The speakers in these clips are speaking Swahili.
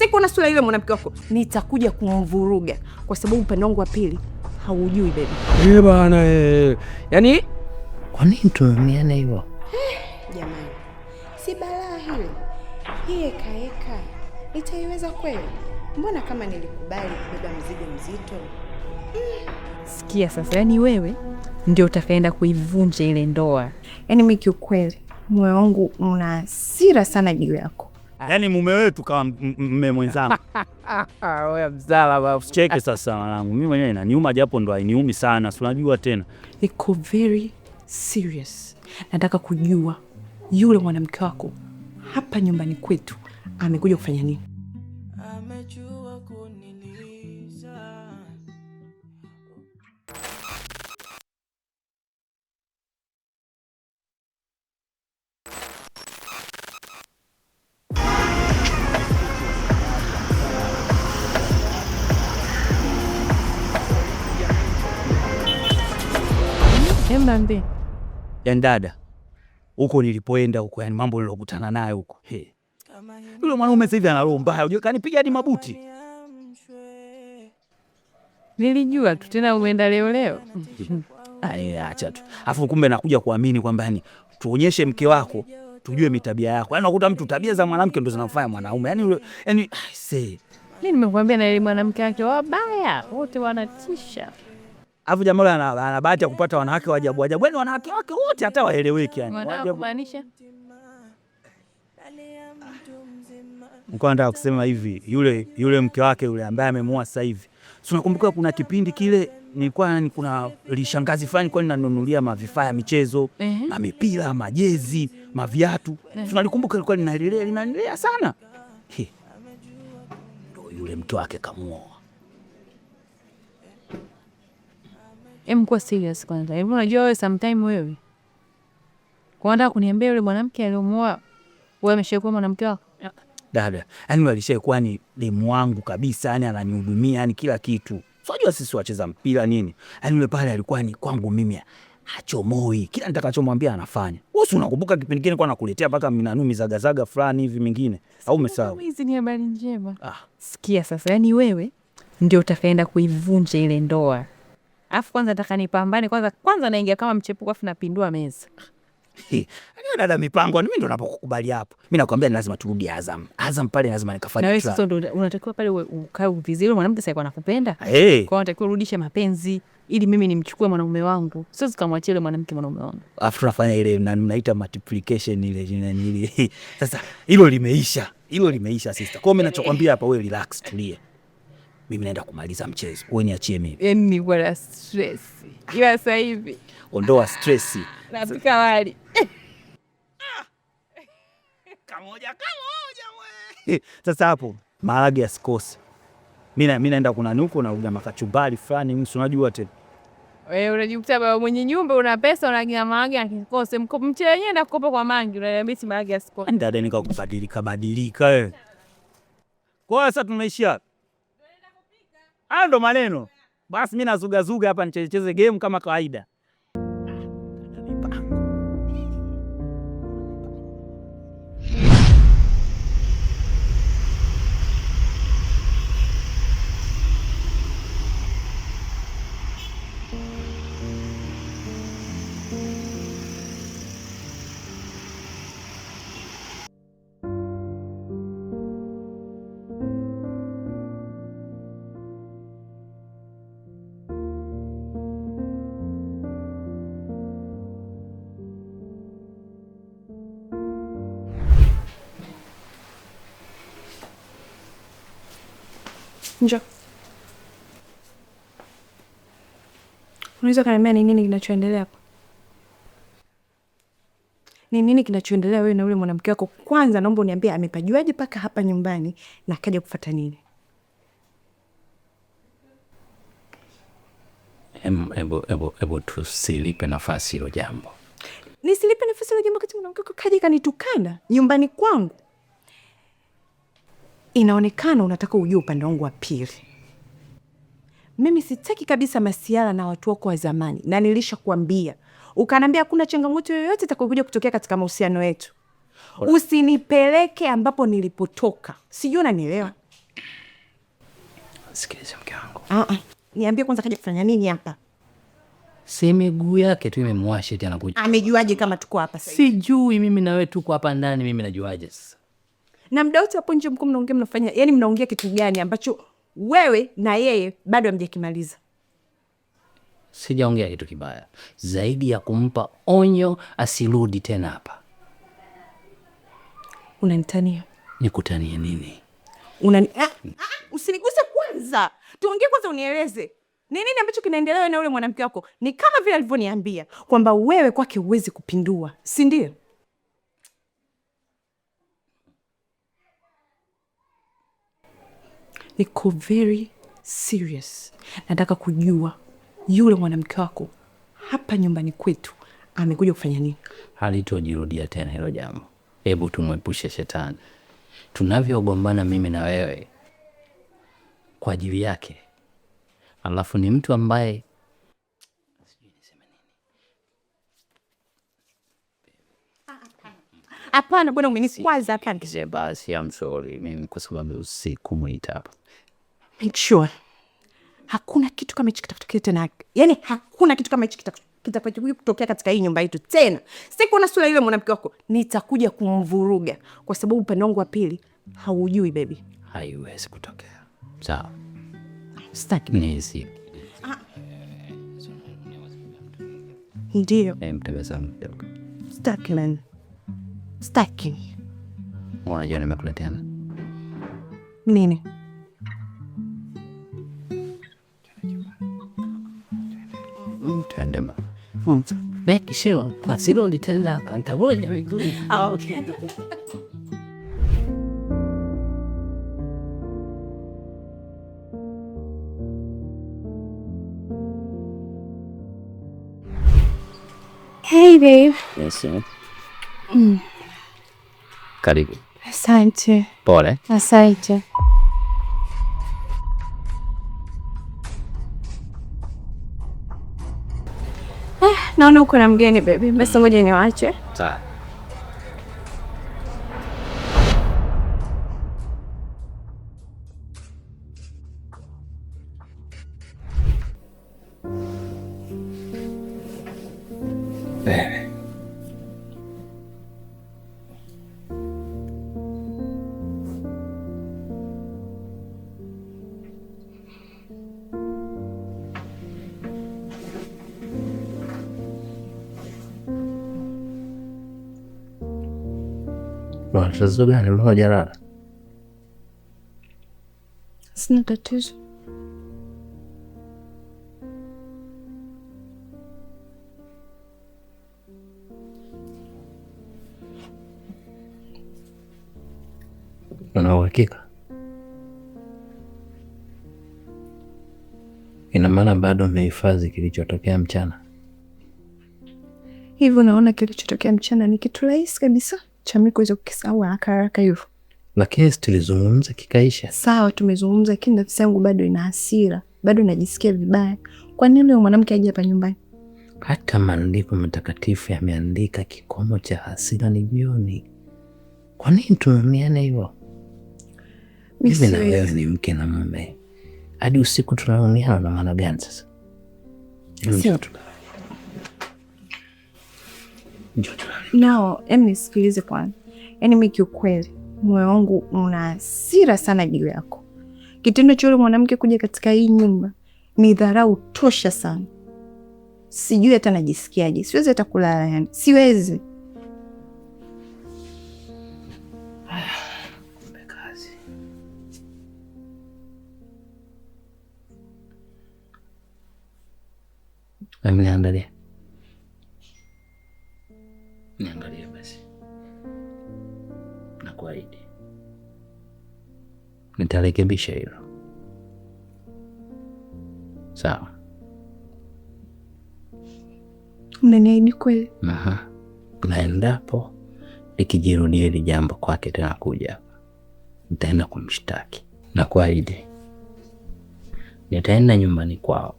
siku na sura ile mwanamke wako, nitakuja kumvuruga kwa sababu upande wangu wa pili haujui baby. Eh bana, eh, yaani kwa nini tumiane hivyo eh, jamani? Si balaa hili. hii eka eka itaiweza kweli? Mbona kama nilikubali kubeba mzigo mzito hmm. Sikia sasa, yaani wewe ndio utakaenda kuivunja ile ndoa. Yaani mimi kiukweli moyo wangu una hasira sana juu yako. Ah. yani mume wetu kama mume mwenzangu. Wewe mzala, sasa mwanangu. Mimi mwenyewe inaniuma japo ndo ainiumi sana. Si unajua tena. Iko very serious. Nataka kujua yule mwanamke wako hapa nyumbani kwetu amekuja kufanya nini? Vipi? Yaani dada, huko nilipoenda huko, yani mambo nilokutana nayo huko, yule mwanaume sasa hivi ana roho mbaya, unajua kanipiga hadi mabuti. Nilijua tu tena umeenda leo leo. Acha tu, Alafu kumbe nakuja kuamini kwamba yani tuonyeshe mke wako tujue mitabia yako. Yaani unakuta mtu tabia za mwanamke ndo zinamfanya mwanaume yani I say. mimi nimekuambia na ile mwanamke wake wabaya wote wanatisha. Alafu jamaa yule ana bahati ya kupata wanawake wa ajabu ajabu. Yaani wanawake wake wote hata waeleweki yani. Wanamaanisha? Nilikuwa nataka kusema hivi, yule yule mke wake yule ambaye amemuoa sasa hivi. Si unakumbuka kuna kipindi kile nilikuwa yani, kuna lishangazi fulani kwa ninanunulia mavifaa ya michezo, na mipira, majezi, maviatu. Tunalikumbuka ilikuwa linalilea linalilea sana. Ndio yule mke wake kamuoa. Hebu kuwa serious kwanza. Hebu unajua wewe sometime wewe. kwanza kuniambia yule mwanamke aliyomwoa wewe ameshakuwa mwanamke wako? Dada, yani yule alishakuwa ni demu wangu kabisa, yani ananihudumia, yani kila kitu. So unajua sisi wacheza mpira nini? Yani yule pale alikuwa ni kwangu mimi. achomoi. Kila nitakachomwambia anafanya. Wewe si unakumbuka kipindi kile kwa nakuletea mpaka minanu mizagazaga fulani hivi mingine. Au umesahau? Hizi ni habari njema. Ah. Sikia sasa, yani wewe ndio utakaenda kuivunja ile ndoa afu kwanza nataka nipambane kwanza, kwanza naingia kama mchepuko, afu napindua meza. Dada mipango, mi ndo napokukubali hapo. Mi nakwambia ni lazima turudi Azam. Azam pale lazima nikafanye. Na unatakiwa pale ukae vizuri, mwanamke sasa anakupenda. Hey. Eh. Kwa unatakiwa urudishe mapenzi ili mimi nimchukue mwanaume wangu, sio zikamwachia ule mwanamke mwanaume wangu. Afu tunafanya ile mnaita multiplication ile jina Sasa hilo limeisha, hilo limeisha sister. Kwao mi nachokwambia hapa, we relax, tulie mimi naenda kumaliza mchezo, wewe niachie mimi. Yani ni kwa stress ila sasa hivi ondoa stress, napika wali kamoja kamoja wewe. Sasa hapo maharage yasikose. Mimi naenda kuna nuko na uga makachumbari fulani, mimi unajua tena wewe unajikuta baba mwenye nyumba una pesa unaagiza maharage akikose mkopo mche wenyewe na kukopa kwa mangi unaniambia maharage asikose. Ndio yaani dada nikakubadilika badilika wewe. Eh. Kwa sasa tunaishia Hayo ndo maneno. Basi mimi nazugazuga hapa nichecheze game kama kawaida. Njoo. Unaweza kaniambia ni nini kinachoendelea hapa? Ni nini kinachoendelea wewe na yule mwanamke wako? Kwanza naomba uniambie amepajuaje mpaka hapa nyumbani na akaja kufuata nini? Hebu tusilipe nafasi hilo jambo. Nisilipe nafasi hilo jambo kati mwanamke wako kaja kanitukana nyumbani kwangu? Inaonekana unataka ujue upande wangu wa pili. Mimi sitaki kabisa masiara na watu wako wa zamani, na nilishakwambia, ukaniambia hakuna changamoto yoyote itakayokuja kutokea katika mahusiano yetu. Usinipeleke ambapo nilipotoka, sijui unanielewa. Sikiliza mke wangu. Ah, ah. Niambie kwanza kaja kufanya nini hapa? Si miguu yake tu imemwasha eti anakuja. Amejuaje kama tuko hapa Sijui mimi nawe tuko hapa ndani, mimi najuaje sasa? na mda wote hapo nje mko mnaongea, mnafanya yani, mnaongea kitu gani ambacho wewe na yeye bado hamjakimaliza? Sijaongea kitu kibaya zaidi ya kumpa onyo asirudi tena hapa. Unanitania? Nikutanie nini? Unani... ah, ah, ah usiniguse kwanza, tuongee kwanza, unieleze ni nini ambacho kinaendelea na ule mwanamke wako. Ni kama vile alivyoniambia kwamba wewe kwake huwezi kupindua, si ndio? niko very serious, nataka kujua yule mwanamke wako hapa nyumbani kwetu amekuja kufanya nini. Halitojirudia tena hilo jambo. Hebu tumwepushe shetani. Tunavyogombana mimi na wewe kwa ajili yake, alafu ni mtu ambaye Hapana bwana, umenikwaza hapa. Basi I'm sorry mimi kwa sababu usiku mwita hapa. Make sure hakuna kitu kama hichi kitakutokea tena, yani hakuna kitu kama hichi kitakachokuja kutokea katika hii nyumba yetu tena. Sikuona sura ile mwanamke wako, nitakuja kumvuruga kwa sababu upande wangu wa pili haujui baby, haiwezi kutokea. Sawa, sitaki nisi ah. ndio mtabasamu kidogo, sitaki Staki. Unajua nimekuletea nini? Hey babe. Yes, sir. Mm. Karibu. Asante. Pole. Asante. Ah, eh, naona uko na mgeni baby. Basi ngoja niwaache. Sawa. Tatizo gani mbona hujalala? Sina tatizo. Una uhakika? Ina maana bado umehifadhi kilichotokea mchana? Hivyo unaona kilichotokea mchana ni kitu rahisi kabisa chamikuweza kukisahau haraka haraka hivyo, na tulizungumza kikaisha. Sawa, tumezungumza, lakini nafsi yangu bado ina hasira, bado najisikia vibaya. Kwa nini leo mwanamke aje hapa nyumbani? Hata maandiko matakatifu yameandika kikomo cha hasira ni jioni. Kwa nini tunaoniana hivyo? Mimi na wewe ni mke na mume, hadi usiku tunaoniana, na maana gani sasa? nao yani, nisikilize kwanza. Yani mi kiukweli, moyo wangu una hasira sana juu yako. Kitendo cha yule mwanamke kuja katika hii nyumba ni dharau tosha sana. Sijui hata najisikiaje, siwezi hata kulala, yani siwezi. Ameniandalia nitarekebisha hilo sawa. Mnaniahidi kweli? Na endapo likijirudia hili jambo kwake tena kuja nitaenda kumshtaki na kuahidi nitaenda nyumbani kwao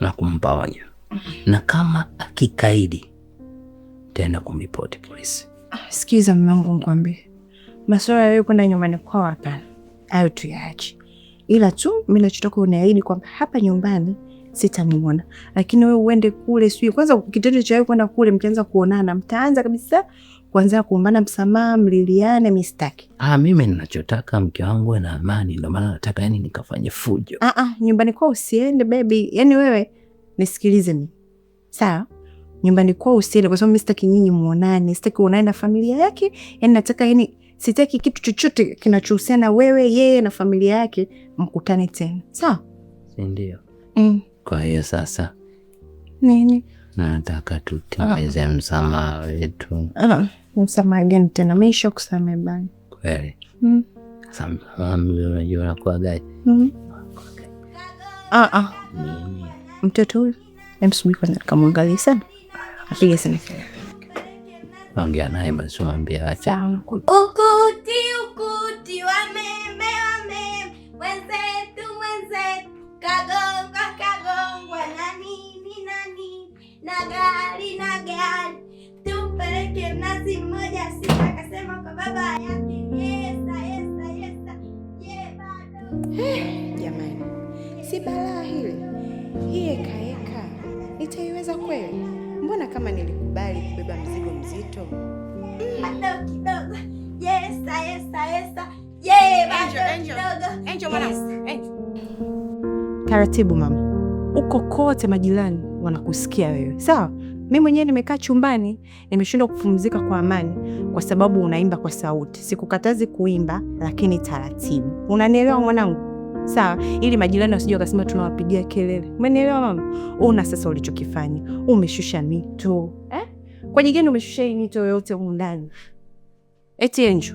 na kumpa onyo, na kama akikaidi nitaenda kumripoti polisi. Ah, sikiza mume wangu, nikwambie Masuala ya wewe kwenda nyumbani kwao, hapana, hayo tuyaache. Ila tu mimi nachotoka, unaahidi kwamba hapa nyumbani sitamuona, lakini wewe uende kule, sio kwanza. Kitendo cha wewe kwenda kule, mtaanza kuonana, mtaanza kabisa kuanza kuombana msamaha, mliliane, mistaki. Ah, mimi ninachotaka mke wangu na amani, ndio maana nataka yani nikafanye fujo. Ah, ah, nyumbani kwao usiende baby. Yani wewe nisikilize mimi, sawa? Nyumbani kwao usiende, kwa sababu mimi sitaki nyinyi muonane, sitaki uonane na familia yake, yani nataka yani sitaki kitu chochote kinachohusiana wewe, yeye na familia yake mkutane tena, sawa? ndio? Mm. Kwa hiyo sasa nini nataka tutimize ah. msamaha wetu. Ah, msamaha gani tena? Meisha kusamehe bana. Kweli? Mm. Unajua mm. ah, mtoto huyu, emsubiri kwanza, nikamwangalia sana apige sana kelele Ongea naye basi, mwambie acha ukuti ukuti, wameme wameme, mwenzetu mwenzetu, kagongwa kagongwa na nini na nini na gari na gari, tumpeleke mnazi mmoja si akasema kwa baba yake. Yesa yesa yesa, ye bado jamani, si balaa hili hii ekaeka, itaiweza kweli? Mbona kama nili kukubali kubeba mzigo mzito kidogo kidogo. Angel, yesa, Angel. Taratibu mama, uko kote majirani wanakusikia wewe, sawa? Mi mwenyewe nimekaa chumbani, nimeshindwa kupumzika kwa amani kwa sababu unaimba kwa sauti. Sikukatazi kuimba, lakini taratibu. Unanielewa mwanangu? Sawa, ili majirani wasije wakasema tunawapigia kelele. Umenielewa mama? Una sasa ulichokifanya, umeshusha mito eh? Kwa jigani umeshusha hii mito yoyote humu ndani? Eti Enju,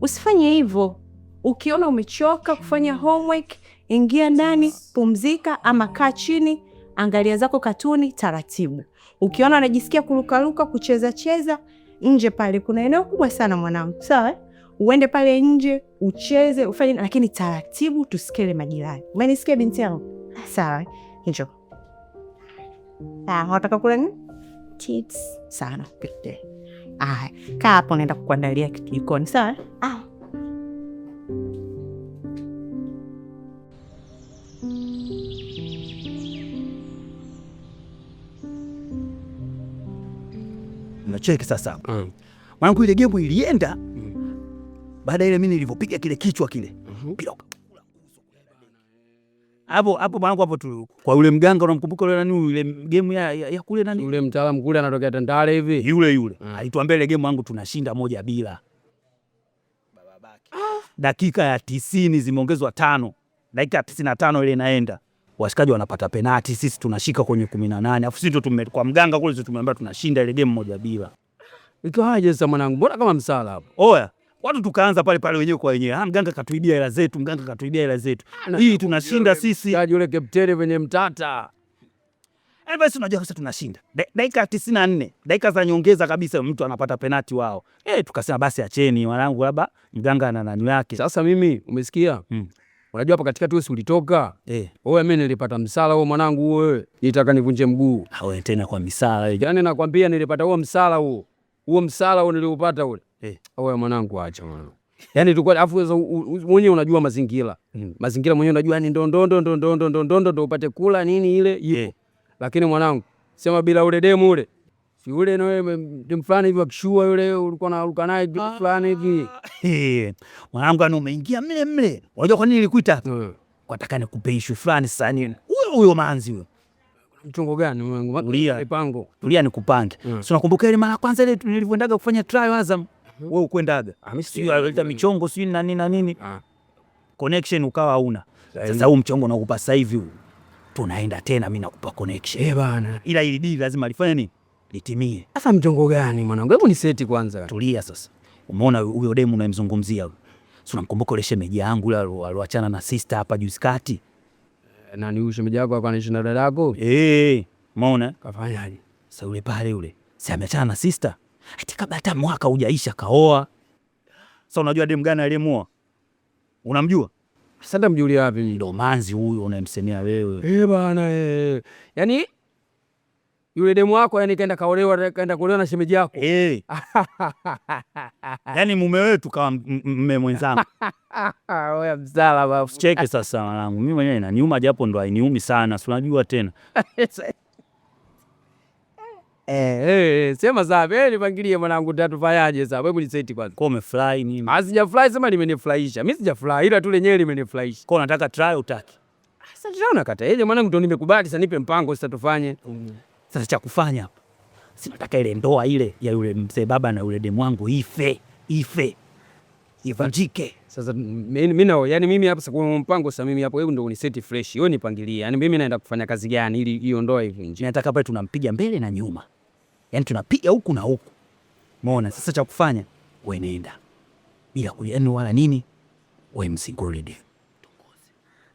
usifanye hivyo. Ukiona umechoka kufanya homework, ingia ndani, pumzika, ama kaa chini, angalia zako katuni taratibu. Ukiona unajisikia kurukaruka, kucheza cheza nje pale, kuna eneo kubwa sana mwanangu, sawa? Eh? Uende pale nje ucheze, ufanye, lakini taratibu, tusikele majirani. Umenisikia binti yangu? Sawa, eh? njoo. Ah, wataka kula nini? tips sana pekee. Aya, kaa hapo, naenda kukuandalia kitu jikoni, sawa? Nacheki sasa mm. Mwanangu, ile gemu ilienda mm. Baada ile mimi nilivyopiga kile kichwa kile mm -hmm hapo hapo mwanangu, hapo tu kwa yule mganga, unamkumbuka yule nani, yule game ya, ya, ya kule nani, yule mtaalamu kule anatokea Tandale hivi, yule yule mm. Alituambia ile game wangu tunashinda moja bila bababaki. Dakika ya tisini zimeongezwa tano, dakika ya tisini na tano ile inaenda, washikaji wanapata penati, sisi tunashika kwenye kumi na nane afu sisi tume kwa mganga kule, sisi tumeambia tunashinda ile game moja bila. Ikawaje sasa mwanangu, mbona kama msala hapo? Oya watu tukaanza pale pale wenyewe kwa wenyewe, ah, mganga katuibia hela zetu, mganga katuibia hela zetu, ah, hii tunashinda sisi. Yule kepteri wenye mtata eh, basi unajua sasa tunashinda dakika tisini na nne dakika za nyongeza kabisa, mtu anapata penati wao. E, tukasema basi acheni wanangu, labda mganga ana nani yake. Sasa mimi umesikia, hmm. Unajua hapa katikati wewe ulitoka wewe eh. wewe mimi nilipata msala huo mwanangu, wewe nitaka nivunje mguu. awe ah, tena kwa misala, yani nakwambia nilipata huo msala huo, huo msala huo niliupata ule eh. Wewe mwanangu acha mwanangu. Yaani tulikuwa afu wewe mwenyewe unajua mazingira. Mm. Mazingira mwenyewe unajua ni yaani ndo ndo ndo ndo ndo ndo ndo ndo ndo upate kula nini ile ipo. Eh. Yeah. Lakini mwanangu sema bila ule demu ule. Si ule na wewe dem fulani hivi akishua yule ulikuwa unaruka naye ah. fulani hivi. Eh. Mwanangu ana umeingia mle mle. Unajua kwa nini nilikuita? Mm. Eh. Kwa nataka nikupe issue fulani sasa nini. Huyo huyo manzi huyo. Mchongo gani mwanangu? Tulia. Tulia nikupange. Mm. Si unakumbuka ile mara kwanza ile nilivyoendaga kufanya trial Azam? Hmm. wewe ukwendaga ah, sio michongo siu na nini na ah. nini connection ukawa hauna. Sasa huu mchongo nakupa sasa hivi tunaenda tena, mi nakupa connection eh bana, ila ili dili lazima lifanye nini litimie. Sasa mchongo gani mwanangu? Hebu ni seti kwanza. Tulia sasa, umeona huyo demu unayemzungumzia huyo, si unamkumbuka ule shemeji yangu ile aliachana na sister hapa juzi kati? Eh, nani huyo shemeji yako? Anaishi na dada yako eh? Umeona kafanyaje? Sasa yule pale yule, si ameachana na sister Ati kabla hata mwaka hujaisha kaoa. Sasa unajua demu gani aliyemuoa? Unamjua? Sasa ndamjulia wapi? manzi huyo unayemsemea wewe. Eh, bana eh. Yaani yule demu wako yani kaenda kaolewa kaenda kuolewa na shemeji yako. Eh. Yaani mume wetu kama mume mwenzangu. Oya msala baba. Cheke sasa mwanangu. Mimi mwenyewe inaniuma japo ndo ainiumi sana. Si unajua tena. Eh, eh, sema sawa. Eh, nipangilie mwanangu tatufanyaje sasa? Wewe uliseti kwanza. Kwa umefurahi nini? Ah, sijafurahi sema limenifurahisha. Mimi sijafurahi ila tu lenyewe limenifurahisha. Kwa nataka try utaki. Ah, sasa tunaona kata. Ile mwanangu ndio nimekubali sasa nipe mpango sasa tufanye. Mm. Sasa cha kufanya hapa. Sinataka ile ndoa ile ya yule mzee baba na yule demu wangu ife, ife. Ivunjike. Sasa mimi nao, yani mimi hapa sasa kuna mpango sasa mimi hapo wewe ndio uniseti fresh. Wewe nipangilie. Yaani mimi naenda kufanya kazi gani ili hiyo ndoa ivunje? Nataka pale tunampiga mbele na nyuma yani tunapiga huku na huku, umeona? Sasa cha kufanya wewe nenda bila kujani wala nini, wewe msingurudi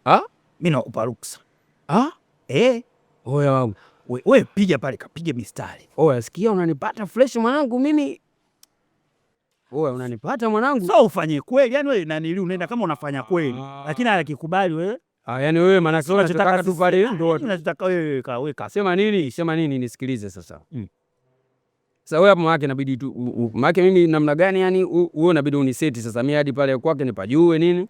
ah? ah, mimi nakupa ruksa ah, eh, oya wangu we, we, piga pale, kapige mistari. Oya sikia, unanipata fresh mwanangu mimi Oya, unanipata mwanangu. So ufanye kweli, yani wewe nanili unaenda kama unafanya kweli, ah. lakini anakikubali wewe. Ah, yani wewe maana sio unachotaka tu pale ndio ah, yaani unachotaka wewe, kaweka. Sema nini? Sema nini nisikilize sasa. Mm. Sasa wewe hapo mwake inabidi tu mwake mimi namna gani yani wewe unabidi uniseti sasa mimi hadi pale kwake nipajue nini?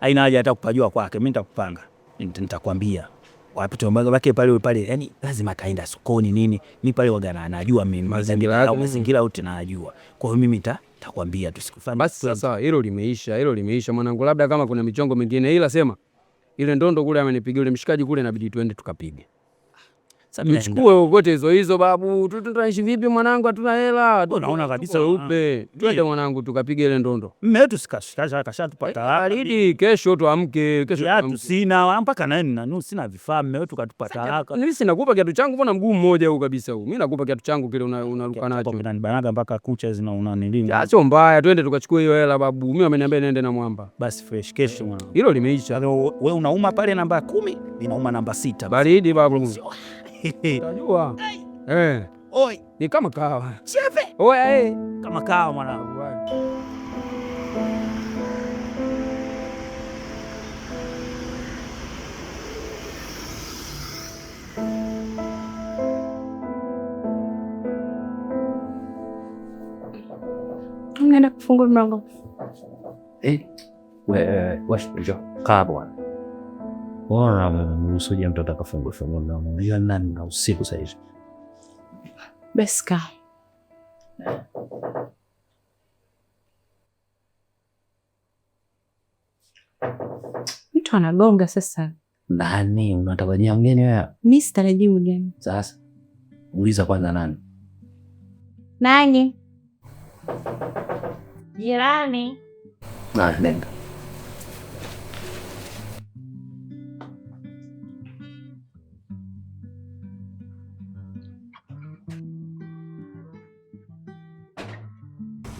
Haina haja hata kupajua kwake, mimi nitakupanga. Nitakwambia. Wapi tuombaga wake pale pale. Yani lazima kaenda sokoni nini? Mimi pale waga na anajua mimi mazingira yake, mazingira yote najua. Kwa hiyo mimi nitakwambia tu siku fulani. Basi sawa, hilo limeisha, hilo limeisha mwanangu, labda kama kuna michongo mingine ila sema ile ndondo kule amenipiga yule mshikaji kule inabidi tuende tukapige. Mchukue ukote hizo hizo babu, tutaishi vipi mwanangu, hatuna hela. Unaona kabisa weupe. Ah, eh, twende mwanangu tukapige ile ndondo. Mume wetu sikashikaza akashatupata eh, baridi, kesho tuamke, kesho tuamke. Sina mpaka nani nini nusu sina vifaa, mume wetu katupata haraka. Mimi sina sinakupa kiatu changu, mbona mguu mmoja huu kabisa huu? Mimi nakupa kiatu changu kile unaruka nacho. Kinanibanaga mpaka kucha zina unanilinga. Ah, sio mbaya, twende tukachukue hiyo hela babu. Mimi ameniambia niende na mwamba. Basi fresh kesho mwanangu. Hilo limeisha. Wewe unauma pale namba 10, ninauma namba 6. Baridi babu. Unajua? Eh. Oi. Ni kama kahawa. Shefe. Oi. Eh. Kama kahawa mwanangu. Mnaenda kufungua mlango. Eh. Wewe, wewe, eh, wewe, kaa bwana. Mruhusuja mtu atakafungua fungua mdomo. Unajua nani na usiku sasa hivi. Beska. mtu anagonga sasa. Nani unatarajia mgeni wewe? Mimi sitarajii mgeni. Sasa uliza kwanza nani? Nani? Jirani. Nani?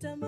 Santa